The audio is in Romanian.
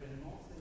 pleinement